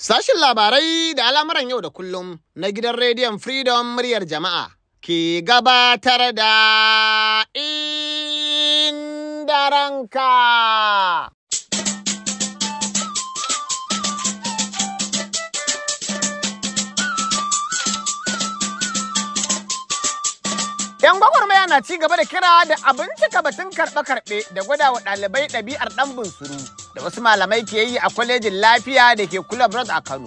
Sashin labarai da al'amuran yau da kullum na gidan rediyon Freedom muryar jama'a ke gabatar da inda ranka. Yan gwagwarmaya na ci gaba da kira da abin cika batun karɓe-karɓe da gwada wa ɗalibai ɗabi'ar ɗan bunsuru. da wasu malamai ke yi a kwalejin lafiya da ke kula brot a Kano.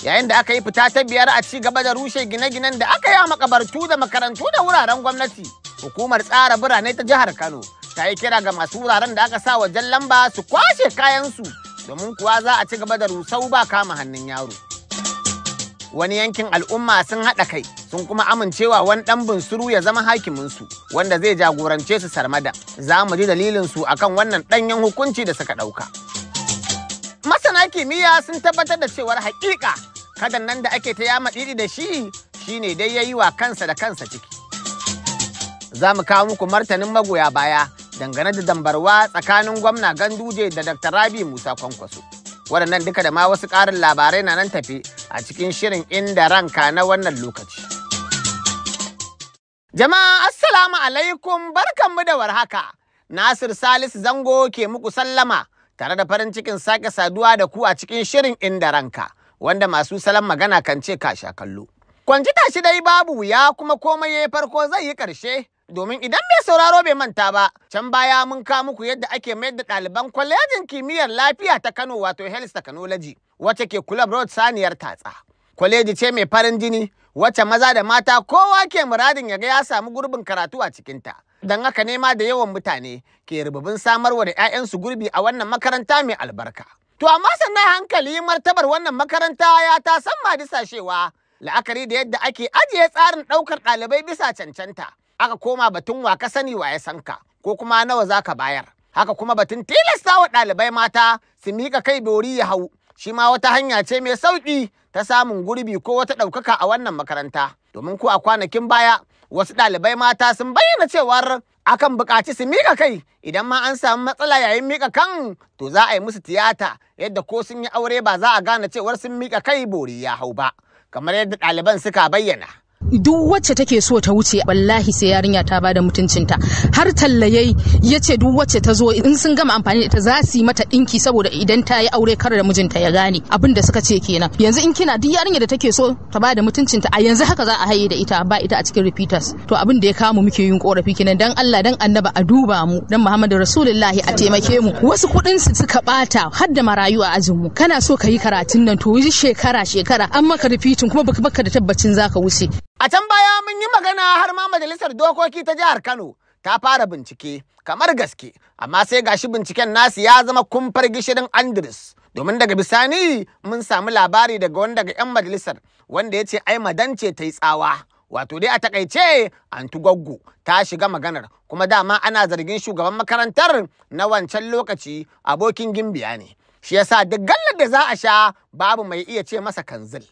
Yayin da aka yi fita ta biyar a ci gaba da rushe gine-ginen da aka yi a makabartu da makarantu da wuraren gwamnati, hukumar tsara birane ta jihar Kano ta yi kira ga masu wuraren da aka sa wajen lamba su kwashe kayansu domin kuwa za a ci gaba da rusau ba kama hannun yaro. wani yankin al'umma sun haɗa kai sun kuma amincewa wani ɗan bunsuru ya zama hakimin su, wanda zai jagorance su sarmada za mu ji dalilinsu kan wannan ɗanyen hukunci da suka ɗauka masana kimiyya sun tabbatar da cewar haƙiƙa kadan nan da ake ta yama ɗiɗi da shi shine dai ya yi wa kansa da kansa ciki za mu kawo muku martanin magoya baya dangane da dambarwa tsakanin gwamna ganduje da dr rabi musa kwankwaso waɗannan duka da ma wasu ƙarin labarai na nan tafi a cikin shirin inda ranka na wannan lokaci. Jama'a Assalamu alaikum barkanmu da warhaka. Nasir Salisu Zango ke muku sallama tare da farin cikin sake saduwa da ku a cikin shirin inda ranka wanda masu salon magana kan ce kasha kallo. Kwanci tashi dai babu ya kuma komai ya farko zai yi ƙarshe domin idan mai sauraro bai manta ba can baya mun ka muku yadda ake mayar da ɗaliban kwalejin kimiyyar lafiya ta Kano wato Health Technology wacce ke Club Road saniyar tatsa. Kwaleji ce mai farin jini wacce maza da mata kowa ke muradin ya ga ya samu gurbin karatu a cikinta. Don haka nema da yawan mutane ke rububin samarwa da 'ya'yansu gurbi a wannan makaranta mai albarka. To amma sannan hankali martabar wannan makaranta ya ta san ma disashewa la'akari da yadda ake ajiye tsarin ɗaukar ɗalibai bisa cancanta. Aka koma batun wa ka sani wa ya san ka, ko kuma nawa za ka bayar. Haka kuma batun tilasta wa ɗalibai mata su mika kai bori ya hau shi ma wata hanya ce mai sauƙi ta samun gurbi ko wata ɗaukaka a wannan makaranta. Domin ko a kwanakin baya wasu ɗalibai mata sun bayyana cewar akan buƙaci su miƙa kai idan ma an samu matsala yayin miƙa kan to za a yi musu tiyata yadda ko sun yi aure ba za a gane cewar sun miƙa kai bori ya hau ba kamar yadda ɗaliban suka bayyana. duk wacce take so ta wuce wallahi sai yarinya ta bada mutuncinta har tallayai ya ce duk wacce ta zo in sun gama amfani da ita za su yi mata dinki saboda idan ta yi aure kar da mijinta ya gane abin da suka ce kenan yanzu in kina duk yarinya da take so ta bada mutuncinta a yanzu haka za a haye da ita ba ita a cikin repeaters to abin da ya kama muke yin korafi kenan dan Allah dan annaba a duba mu dan Muhammadu Rasulullahi a taimake mu wasu kuɗin su suka bata har da marayu a ajin mu kana so ka yi karatun nan to yi shekara shekara an maka repeating kuma baka da tabbacin zaka wuce A can baya mun yi magana har ma majalisar dokoki ta jihar Kano ta fara bincike kamar gaske, amma sai gashi binciken nasu ya zama kumfar gishirin Andres. Domin daga bisani mun samu labari daga wani daga 'yan majalisar wanda ya ce ai madance ta yi tsawa. Wato dai a takaice Antu Gwaggo ta shiga maganar kuma dama ana zargin shugaban makarantar na wancan lokaci abokin gimbiya ne. Shi yasa duk gallar da za a sha babu mai iya ce masa kanzil.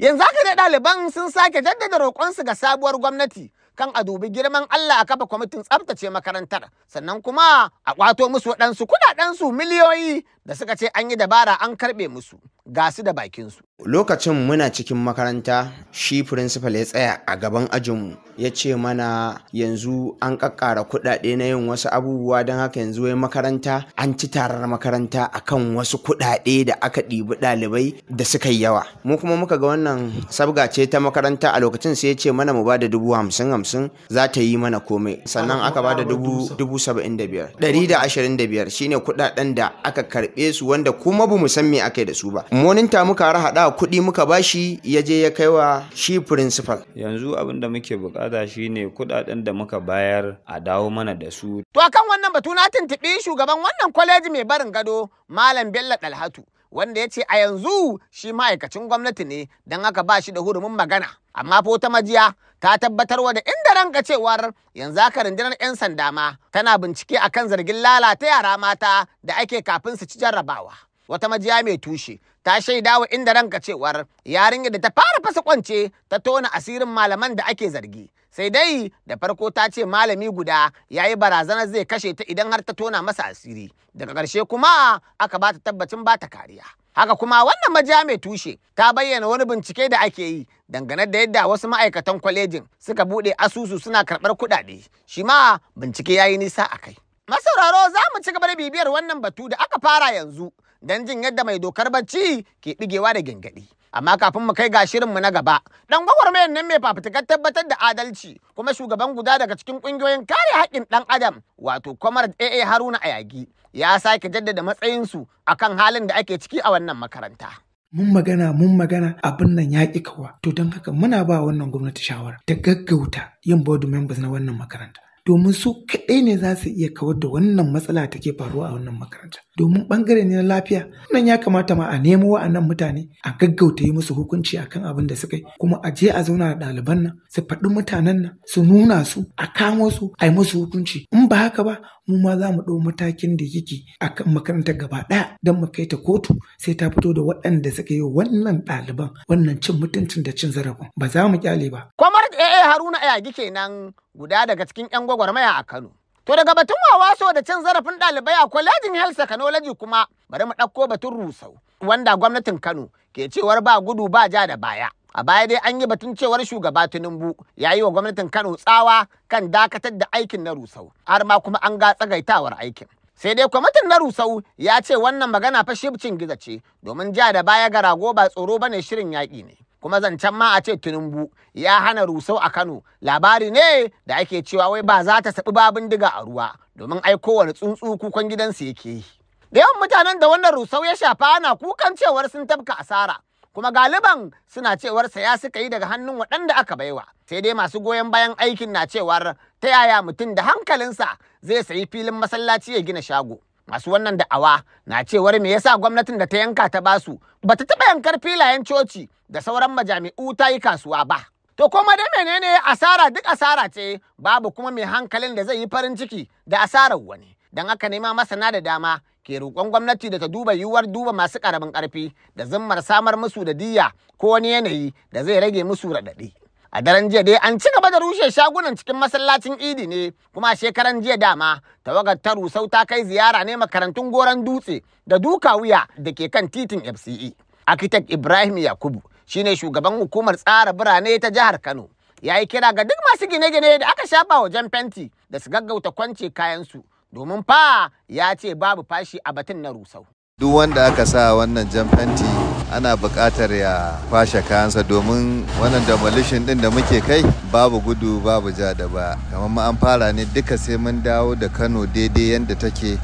Yanzu haka ne ɗaliban sun sake jaddada roƙonsu ga sabuwar gwamnati kan a dubi girman Allah a kafa kwamitin tsabtace makarantar sannan kuma a ƙwato musu waɗansu kuɗaɗensu miliyoyi da suka ce an yi dabara an karɓe musu ga su da bakinsu. Lokacin muna cikin makaranta shi firinsifal ya tsaya a gaban ajinmu ya ce mana yanzu an kakkara kuɗaɗe na yin wasu abubuwa don haka yanzu wai makaranta an ci tarar makaranta akan wasu kuɗaɗe da aka ɗibi ɗalibai da suka yi yawa. Mu kuma muka ga wannan sabga ce ta makaranta a lokacin sai ya ce mana mu bada da dubu hamsin hamsin za ta yi mana komai sannan aka ba da dubu saba'in da biyar. Ɗari da ashirin da biyar shine kuɗaɗen da aka karɓi karɓe su wanda kuma bamu san me akai da su ba moninta muka haɗa kuɗi muka bashi ya je ya kaiwa shi principal yanzu abin da muke bukata shine kuɗaɗen da muka bayar a dawo mana da su to akan wannan batu na tuntuɓi shugaban wannan kwaleji mai barin gado malam bello dalhatu wanda ya ce a yanzu shi ma'aikacin gwamnati ne don haka ba shi da hurumin magana amma ko ta majiya ta tabbatar wa da inda ranka cewar yanzu haka rundunar 'yan sanda ma tana bincike akan zargin lalata yara mata da ake kafin su ci jarrabawa wata majiya mai tushe ta shaida wa inda ranka cewar yarinyar da ta fara fasa kwance ta tona asirin malaman da ake zargi sai dai da farko ta ce malami guda ya yi barazanar zai kashe ta idan har ta tona masa asiri daga ƙarshe kuma aka ba ta tabbacin ba ta kariya haka kuma wannan majiya mai tushe ta bayyana wani bincike da ake yi dangane da yadda wasu ma'aikatan kwalejin suka buɗe asusu suna karɓar kuɗaɗe shi ma bincike ya yi nisa a kai masauraro za mu ci gaba da bibiyar wannan batu da aka fara yanzu don jin yadda mai dokar bacci ke ɗigewa da gyangyaɗi amma kafin mu kai ga shirinmu na gaba dan gwagwarmayar nan mai fafutukar tabbatar da adalci kuma shugaban guda daga cikin kungiyoyin kare haƙƙin ɗan adam wato comrade AA Haruna Ayagi ya sake jaddada matsayinsu akan halin da ake ciki a wannan makaranta. mun magana mun magana abin nan ya ƙi to don haka muna ba wannan gwamnati shawara ta gaggauta yin board members na wannan makaranta domin su kaɗai ne za su iya kawar da wannan matsala take faruwa a wannan makaranta domin ɓangare ne na lafiya nan ya kamata ma a nemo wa'annan mutane a gaggauta yi musu hukunci akan abin da suka yi kuma a je a zauna da ɗaliban nan su faɗi mutanen nan su nuna su a kamo su a yi musu hukunci in ba haka ba mu ma za mu ɗau matakin da yake kan makarantar gaba ɗaya don mu kai ta kotu sai ta fito da waɗanda suka yi wannan ɗaliban wannan cin mutuncin da cin zarafin ba za mu kyale ba. AA eh, eh, Haruna Ayagi kenan guda daga cikin 'yan gwagwarmaya a Kano. To daga batun wawaso da cin zarafin ɗalibai a kwalejin Health Technology kuma bari mu ɗauko batun rusau wanda gwamnatin Kano ke cewar ba gudu ba ja da baya. A baya dai an yi batun cewar shugaba Tinubu ya yi wa gwamnatin Kano tsawa kan dakatar da aikin na rusau har ma kuma an ga tsagaitawar aikin. sai dai kwamitin na rusau ya ce wannan magana fa shibcin giza ce domin ja da baya ga rago ba tsoro bane shirin yaƙi ne kuma zancen ma a ce Tunumbu, ya hana rusau a kano labari ne da ake cewa wai ba za ta saɓi babin diga a ruwa domin ai kowane tsuntsu kukan gidansu yake yi da yawan mutanen da wannan rusau ya shafa ana kukan cewar sun tafka asara kuma galiban suna cewar sa ya suka yi daga hannun waɗanda aka baiwa sai dai masu goyon bayan aikin na cewar ta yaya mutum da hankalinsa zai sayi filin masallaci ya gina shago masu wannan da'awa na cewar me yasa gwamnatin da ta yanka ta basu ta taɓa yankar filayen coci da sauran majami'u ta yi kasuwa ba to kuma dai menene asara duk asara ce babu kuma mai hankalin da zai yi farin ciki da asarar wani dan aka nema masana da dama ke roƙon gwamnati da ta duba yiwuwar duba masu ƙaramin ƙarfi da zimmar samar musu da diya ko wani yanayi da zai rage musu raɗaɗi a daren jiya dai an ci gaba da rushe shagunan cikin masallacin idi ne kuma shekaran jiya dama tawagar ta rusau ta kai ziyara ne makarantun goron dutse da duka wuya da ke kan titin fce architect ibrahim yakubu shine shugaban hukumar tsara birane ta jihar kano ya yi kira ga duk masu gine-gine da aka shafa jan fenti da su gaggauta kwance kayansu domin fa ya ce babu fashi a batun na rusau duk wanda aka sa wannan jan fenti ana buƙatar ya fashe kayansa domin wannan demolition din da muke kai babu gudu babu ja da ba kamar ma an fara ne duka sai mun dawo da kano daidai yadda take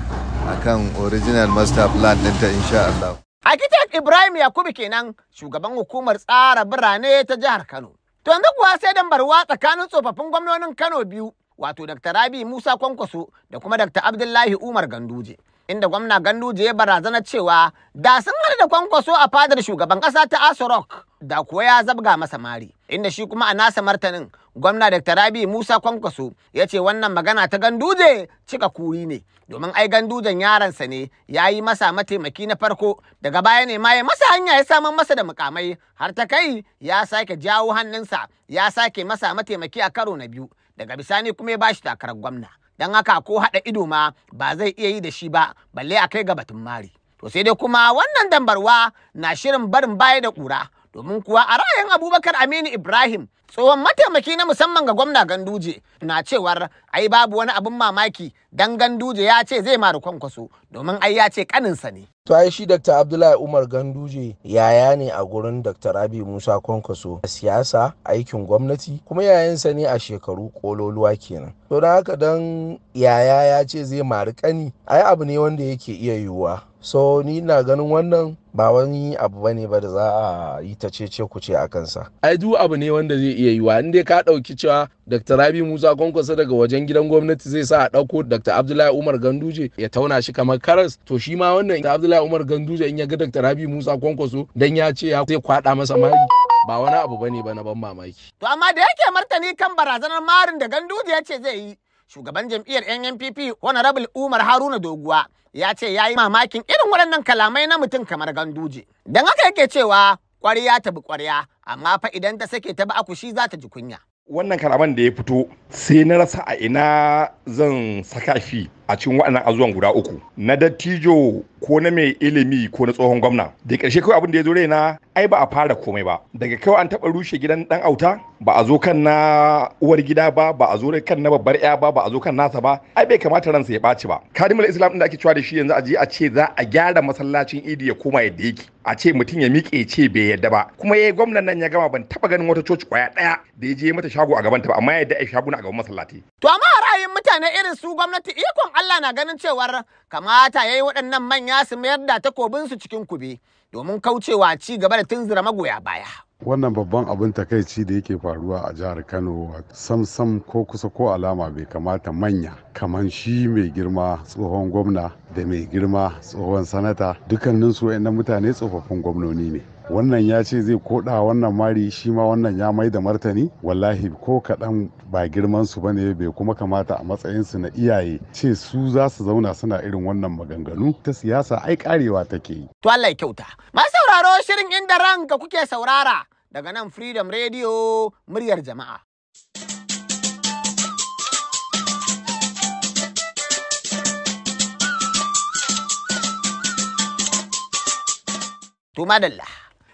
akan original master plan ɗinta insha Allah. Architect Ibrahim Yakubu kenan shugaban hukumar tsara birane ta jihar Kano. To yanzu kuwa sai barwa tsakanin tsofaffin gwamnonin Kano biyu wato Dr. Rabi Musa Kwankwaso da kuma Dr. Abdullahi Umar Ganduje. inda gwamna ganduje ya barazana cewa da sun hada da kwankwaso a fadar shugaban kasa ta asorok da kuwa ya zabga masa mari inda shi kuma a nasa martanin gwamna dr rabi musa kwankwaso ya ce wannan magana ta ganduje cika kuri ne domin ai gandujen yaransa ne ya yi masa mataimaki na farko daga baya ne ma ya masa hanya ya samun masa da mukamai har ta kai ya sake jawo hannunsa ya sake masa mataimaki a karo na biyu daga bisani kuma ya bashi takarar gwamna don haka ko haɗa ido ma ba zai iya yi da shi ba balle a kai ga batun mari to sai dai kuma wannan dambarwa na shirin barin baya da ƙura domin kuwa a ra'ayin abubakar aminu ibrahim tsohon mataimaki na musamman ga gwamna ganduje na cewar ai babu wani abin mamaki dan ganduje ya ce zai mara kwankwaso domin ai ya ce kaninsa ne to ai shi dr abdullahi umar ganduje yaya ne a gurin dr rabi musa kwankwaso a siyasa aikin gwamnati kuma yayansa ne a shekaru kololuwa kenan to don haka don yaya ya ce zai mari kani ai abu ne wanda yake iya yiwuwa so ni ina ganin wannan ba wani abu bane ba da za a yi ta cece ku ce a kansa ai duk abu ne wanda zai iya yiwa in dai ka dauki cewa dr rabi musa kwankwasa daga wajen gidan gwamnati zai sa a dauko dr abdullahi umar ganduje ya tauna shi kamar karas to shi ma wannan abdullahi umar ganduje in ya ga dr rabi musa kwankwaso dan ya ce ya zai kwada masa mari ba wani abu bane ba na ban mamaki to amma da yake martani kan barazanar marin da ganduje ya ce zai yi shugaban jam'iyyar NNPP Honorable Umar Haruna Doguwa ya ce ya yi mamakin irin waɗannan kalamai na mutum kamar ganduje. Don haka yake cewa ƙwarya ta bi ƙwarya amma fa idan ta sake ta bi akushi za ta ji kunya. Wannan kalaman da ya fito sai na rasa a ina zan saka shi a cikin waɗannan azuwan guda uku na dattijo ko na mai ilimi ko na tsohon gwamna da ƙarshe kawai abin da ya zo raina ai ba a fara komai ba daga kawai an taɓa rushe gidan ɗan auta ba a zo kan na uwar gida ba ba a zo kan na babbar ya ba ba a zo kan nasa ba ai bai kamata ransa ya ɓaci ba kadimul islam ɗin da ake cewa da shi yanzu a je a ce za a gyara masallacin idi ya koma yadda yake a ce mutum ya miƙe ce bai yadda ba kuma yayi eh, gwamnan nan ya gama ban taɓa ganin wata coci kwaya ɗaya da ya je mata shago a gaban ta ba amma ya yadda ai shago a gaban masallaci to amma ra'ayin mutane irin su gwamnati ikon Allah na ganin cewar kamata ya yi waɗannan manya su mayar da takobin su cikin kube domin kaucewa ci gaba da tunzura magoya baya. Wannan babban abin takaici da yake faruwa a jihar Kano sam ko kusa ko alama bai kamata manya kamar shi mai girma tsohon gwamna da mai girma tsohon sanata dukkaninsu waɗannan mutane tsofaffin gwamnoni ne. wannan ya ce zai koda wannan mari shi ma wannan ya mai da martani wallahi ko kaɗan ba girman su bane bai kuma kamata a matsayin su na iyaye ce su za su zauna suna irin wannan maganganu ta siyasa ai karewa take yi to Allah ya kyauta ma sauraro shirin inda ranka kuke saurara daga nan Freedom Radio muryar jama'a to madalla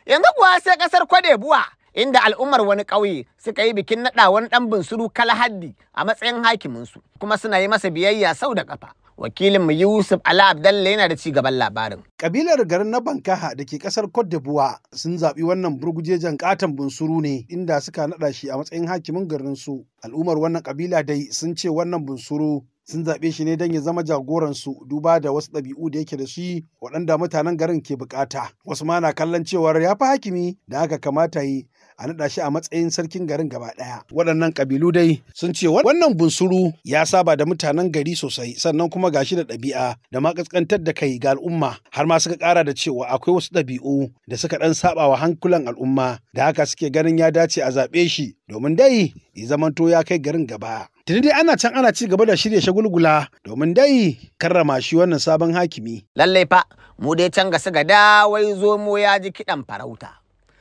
Yanzu kuwa sai ƙasar Kwadebuwa inda al'ummar wani ƙauye suka yi bikin naɗa wani ɗan bunsuru kalahaddi a matsayin hakiminsu kuma suna yi masa biyayya sau da kafa Wakilin mu Yusuf Ali Abdalla yana da ci gaban labarin. Kabilar garin na Bankaha da ke kasar kwadebuwa sun zaɓi wannan burgujejen katon bunsuru ne inda suka naɗa shi a matsayin hakimin garinsu, Al'ummar wannan kabila dai sun ce wannan bunsuru sun zaɓe shi ne don ya zama jagoransu duba da wasu ɗabi'u da yake da shi waɗanda mutanen garin ke bukata wasu ma na kallon cewar ya fi hakimi da aka kamata yi a naɗa shi a matsayin sarkin garin gaba ɗaya waɗannan ƙabilu dai sun ce wannan bunsuru ya saba da mutanen gari sosai sannan kuma ga shi da ɗabi'a da ma ƙasƙantar da kai ga al'umma har ma suka ƙara da cewa akwai wasu ɗabi'u da suka ɗan saɓa wa hankulan al'umma da haka suke ganin ya dace a zaɓe shi domin dai ya zamanto ya kai garin gaba Tuni dai ana can ana ci gaba da shirya shagulgula domin dai karrama shi wannan sabon hakimi. Lallai fa mu dai can gasu gada wai zo mu ya ji kiɗan farauta.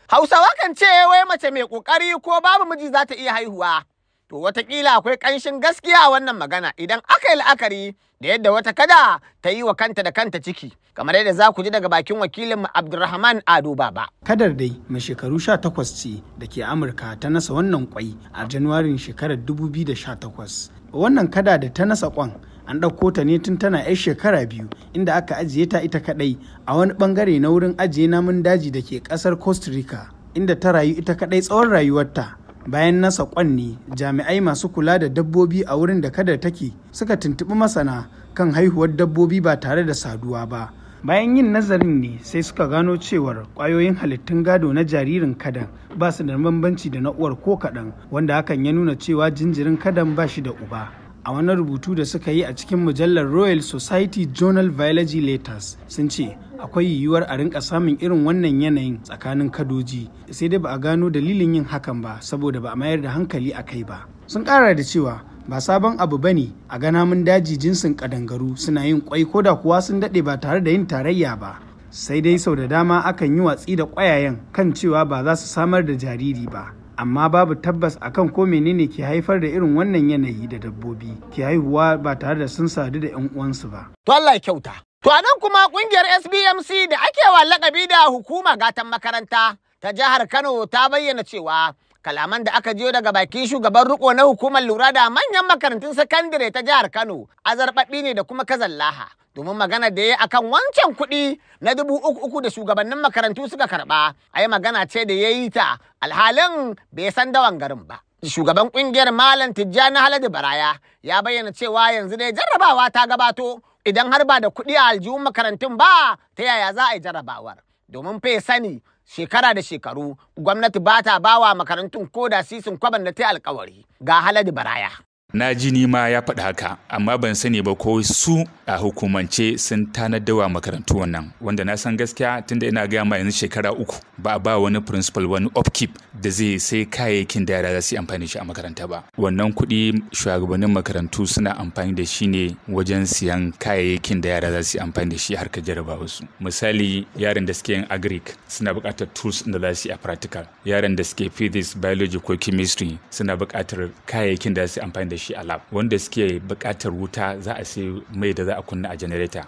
Hausawa kan ce wai mace mai ƙoƙari ko babu miji za ta iya haihuwa. To wataƙila akwai ƙanshin gaskiya a wannan magana idan aka yi la'akari da yadda wata kada ta yi wa kanta da kanta ciki kamar yadda za ku ji daga bakin wakilin Abdulrahman Ado Baba. Kadar dai mai shekaru 18 ce da ke Amurka ta nasa wannan kwai a Januwarin shekarar 2018. Wannan kada da ta nasa kwan an ɗauko ta ne tun tana 'yar shekara biyu inda aka ajiye ta ita kadai a wani bangare na wurin ajiye namun daji da ke ƙasar Costa Rica inda ta rayu ita kadai tsawon rayuwarta. bayan nasa kwanni jami'ai masu kula da dabbobi a wurin da kada take suka tuntuɓi masana kan haihuwar dabbobi ba tare da saduwa ba bayan yin nazarin ne sai suka gano cewar kwayoyin halittun gado na jaririn kadan ba su da bambanci da na uwar ko kadan wanda hakan ya nuna cewa jinjirin kadan ba shi da uba a wani rubutu da suka yi a cikin mujallar royal society journal biology letters sun ce akwai yiwuwar a rinka samun irin wannan yanayin tsakanin kadoji sai dai ba a gano dalilin yin hakan ba saboda ba a mayar da hankali a kai ba sun kara da cewa ba sabon abu ba ne a gana mun daji jinsin kadangaru suna yin kwai ko da kuwa sun daɗe ba tare da yin tarayya ba sai dai sau da dama akan yi watsi da kwayayen kan cewa ba za su samar da jariri ba amma babu tabbas akan ko menene ke haifar da irin wannan yanayi da dabbobi ke haihuwa ba tare da sun sadu da 'yan uwansu ba. To Allah kyauta. To a kuma kungiyar SBMC da ake wa lakabi da hukuma gatan makaranta ta jihar Kano ta bayyana cewa kalaman da aka jiyo daga bakin shugaban riko na hukumar lura da manyan makarantun sakandare ta jihar Kano azarbaɓi ne da kuma kazallaha. domin magana da ya akan wancan kuɗi na dubu uku uku da shugabannin makarantu suka karɓa ai magana ce da ya yi ta alhalin bai san dawan garin ba. Shugaban ƙungiyar Malam Tijjani Haladu Baraya ya bayyana cewa yanzu dai jarrabawa ta gabato idan har ba da kuɗi a aljihun makarantun ba ta yaya za a yi jarrabawar. Domin fe sani shekara da shekaru gwamnati ba ta bawa makarantun ko da sisin kwaban da ta alkawari ga Haladu Baraya. na ji ni ma ya faɗi haka amma ban sani ba ko su a hukumance sun tanadawa makarantu wannan wanda na san gaskiya tunda ina gaya ma yanzu shekara uku ba a ba wani principal wani upkeep da zai sai kayayyakin da yara za su amfani shi a makaranta ba wannan kuɗi shugabannin makarantu suna amfani da shi ne wajen siyan kayayyakin da yara za su yi amfani da shi harkar jarabawa su misali yaran da suke yin agric suna buƙatar tools da za su yi a practical yaran da suke physics biology ko chemistry suna buƙatar kayayyakin da za su amfani da shi a lab wanda suke buƙatar wuta za a sai mai da za a kunna a janareta.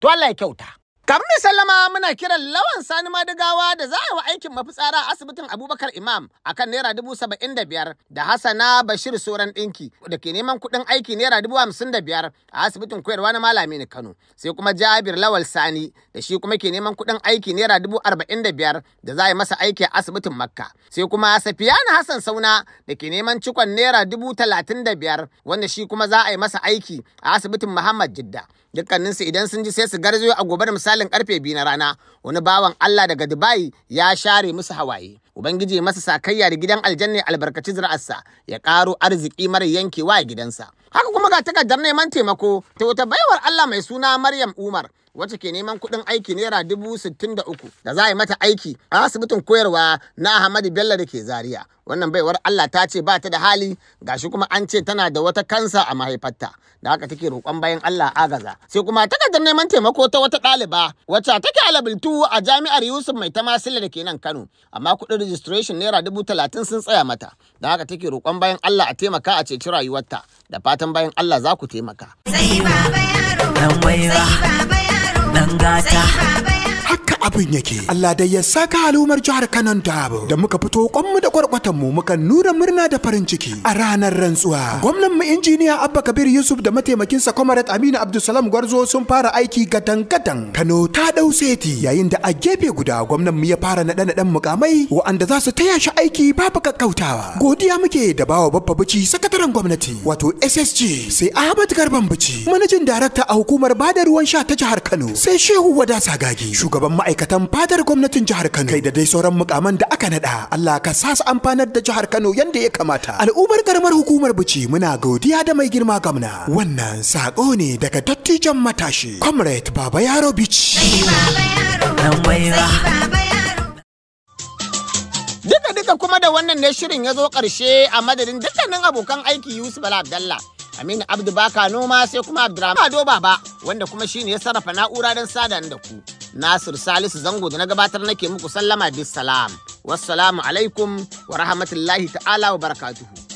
To Allah ya kyauta. Kafin mai sallama muna kiran lawan sani madigawa da za a yi aikin mafitsara a asibitin Abubakar Imam akan naira dubu saba'in da biyar da Hassana Bashir Soran Dinki da ke neman kuɗin aiki naira dubu hamsin da biyar a asibitin koyarwa na Malami ni Kano. Sai kuma Jabir Lawal Sani da shi kuma ke neman kuɗin aiki naira dubu arba'in da biyar da za a yi masa aiki a asibitin Makka. Sai kuma Safiyana Hassan Sauna da ke neman cikon naira dubu talatin da biyar wanda shi kuma za a yi masa aiki a asibitin Muhammad Jidda. Dukkaninsu idan sun ji sai su garzayo a gobe da misali misalin karfe biyu na rana wani bawan Allah daga Dubai ya share musu hawaye. Ubangiji masa sakayya da gidan aljanna albarkaci zira'arsa ya karo arziki mara yankewa a gidansa. Haka kuma ga takardar neman taimako ta wata baiwar Allah mai suna Maryam Umar wacce ke neman kuɗin aiki naira dubu sittin da uku da za a yi mata aiki a asibitin koyarwa na Ahmadu Bello da ke Zaria. Wannan baiwar Allah ta ce ba ta da hali ga shi kuma an ce tana da wata kansa a mahaifarta da haka take roƙon bayan Allah agaza. Sai kuma takardar neman taimako ta wata ɗaliba wacce take alabiltu a jami'ar Yusuf Mai Masila da ke nan Kano amma kuɗin registration naira dubu talatin sun tsaya mata da haka take roƙon bayan Allah a taimaka a ceci rayuwarta da fatan bayan Allah za ku taimaka. Sai baba baba dangata. abin yake Allah dai ya saka al'ummar jihar Kano abu. da muka fito kwanmu da kwarkwatan mu muka nuna murna da farin ciki a ranar rantsuwa gwamnan mu injiniya Abba Kabir Yusuf da mataimakin sa Comrade Aminu Abdulsalam Gwarzo sun fara aiki gadan gadan Kano ta dau seti yayin da a gefe guda gwamnan mu ya fara naɗe naɗen mukamai wa'anda za su taya shi aiki babu kakkautawa godiya muke da bawa babba bici sakataren gwamnati wato SSG sai Ahmad Garban bici manajin darakta a hukumar bada ruwan sha ta jihar Kano sai Shehu Wada Sagagi shugaban ma'aikatan fadar gwamnatin jihar Kano kai da dai sauran mukaman da aka nada Allah ka sa su amfanar da jihar Kano yanda ya kamata al'ummar Garmar hukumar Bici muna godiya da mai girma gwamna. wannan sako ne daga dattijan matashi comrade Baba Yaro Bici Duka duka kuma da wannan ne shirin ya zo karshe a madadin dukkanin abokan aiki Yusuf Bala Abdalla. Aminu Abdu Baka Noma sai kuma Abdurrahman Ado Baba wanda kuma shine ya sarrafa na'ura don sada da ku. Nasir Salisu Zango da na gabatar nake muku sallama bisalam. Wassalamu alaikum wa rahmatullahi ta'ala wa barakatuhu.